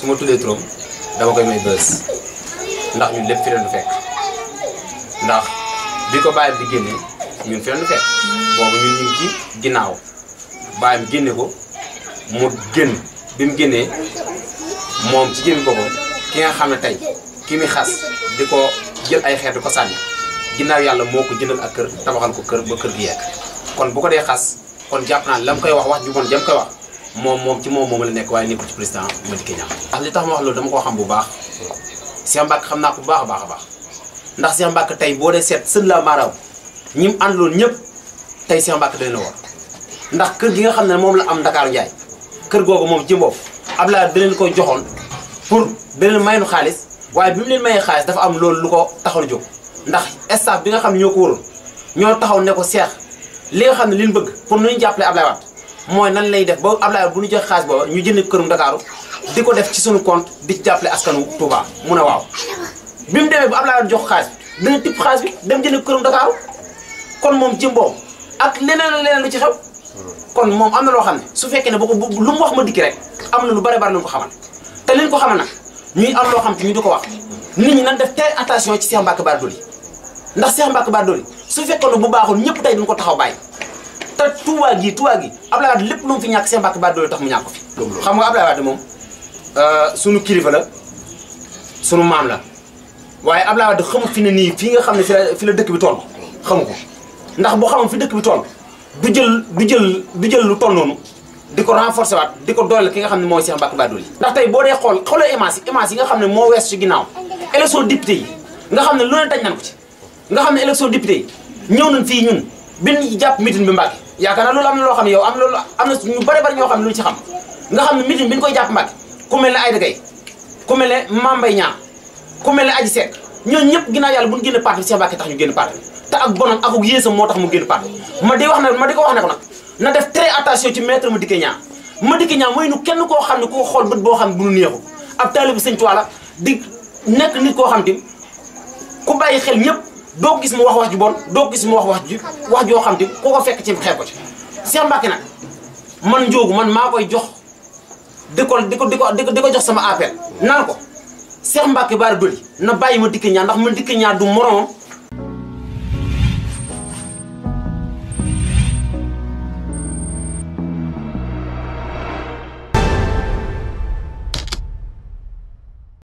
su ma tuddee turam dama koy may bës ndax ñun lépp fi leen du fekk ndax bi ko bàyyam di génne ñun fi leen du fekk boobu ci ginnaaw bàyyam génne ko mu génn bi mu génnee moom ci jëmmi boppam ki nga xam ne tey ki muy xas di ko jël ay xeet di ko sànni ginnaaw yàlla moo ko jëndal ak kër tabaxal ko kër ba kër gi yegg kon bu ko dee xas kon jàpp naa la mu koy wax wax ju bon jam koy wax moom moom ci moom moom la nekk waaye nekkul ci président Madické Niang ndax li tax ma wax loolu dama koo xam bu baax Cheikh xam naa ko bu baax a baax a baax ndax Cheikh Mbacke tey boo dee seet sën la maaraw ñi mu àndaloon ñëpp tey Cheikh Mbacke doy na ndax kër gi nga xam ne moom la am Dakar kër googu moom ci mboof Abdoulaye da leen ko joxoon pour da leen maynu xaalis waaye bi mu leen mayee xaalis dafa am loolu lu ko taxoon jóg ndax staff bi nga xam ne ñoo ko waroon ñoo taxaw ne ko Cheikh li nga xam ne liñ bëgg pour nuñu jàppale Abdoulaye Wade mooy nan lay def ba Ablaye bu ñu jox xaalis booba ñu jënd kërum Dakar di ko def ci suñu compte di ci jàppale askanu Touba mu ne waaw. bi mu demee ba Ablaye jox xaalis bi dana tibb xaalis bi dem jënd kërum Dakar kon moom jëmboom ak leneen leneen lu ci xew. kon moom am na loo xam ne su fekkee ne bu ko lu mu wax ma dikki rek am na lu bare bare lu ko xamal te liñ ko xamal na ñuy am loo xam te ñu di ko wax nit ñi nañ def tey attention ci Cheikh Mbacke Bara Dolly ndax Cheikh Mbacke Bara su fekkoon ne bu baaxul ñëpp tey dañ ko taxaw bàyyi. te Touba gi Touba gi Abdoulaye Wade lépp lu mu fi ñàkk seen mbàkk baat doole tax mu ñàkk ko fi. xam nga Abdoulaye euh, kilifa la sunu maam la waaye Abdoulaye Wade xamu fi ne nii fii nga xam ne fi fi la dëkk bi toll xamu ko ndax bu xamoon fi dëkk bi du jël du jël du jël lu toll noonu di ko renforcer waat di ko dooleel ki nga xam ne mooy Cheikh Mbacke Badool yi ndax tey boo dee xool xoolee image yi nga xam ne moo wees ci ginnaaw élection député yi nga xam ne lu ne daj nañ ko ci nga xam ne élection député yi ñëw nañ fii ñun bin jàpp meeting bi Mbacke yaakaar naa loolu am na loo xam ne yow am na loolu am na ñu bëri bëri ñoo xam ne lu ci xam nga xam ne meeting bi ñu koy jàpp Mbàkke ku mel ne Aïda Gaye ku mel ne Mame Mbaye Niang mel ne Adji Seck ñooñu ñëpp ginaa yàlla bu ñu génn parti bi Cheikh Mbacke tax ñu génn parti bi te ak bonam ak ak yéesam moo tax mu génn ma di wax ma di ko wax ne ko koo xam ne ku xool bët boo xam ne bu nu neexu ab taalibu Sëñ Tuubaa la di nekk nit koo xam tim ku bàyyi xel ñëpp doo gis mu wax wax ji bon doo gis mu wax wax ju wax joo xam te koo ko fekk ci xeeb ko ci. Cheikh Mbacke nag man njóogu man maa koy jox di ko di ko di ko ko jox sama appel. naan ko Cheikh Mbacke Bara Dolly na bàyyi ma dikk ñaar ndax ma dikk ñaar du moromam.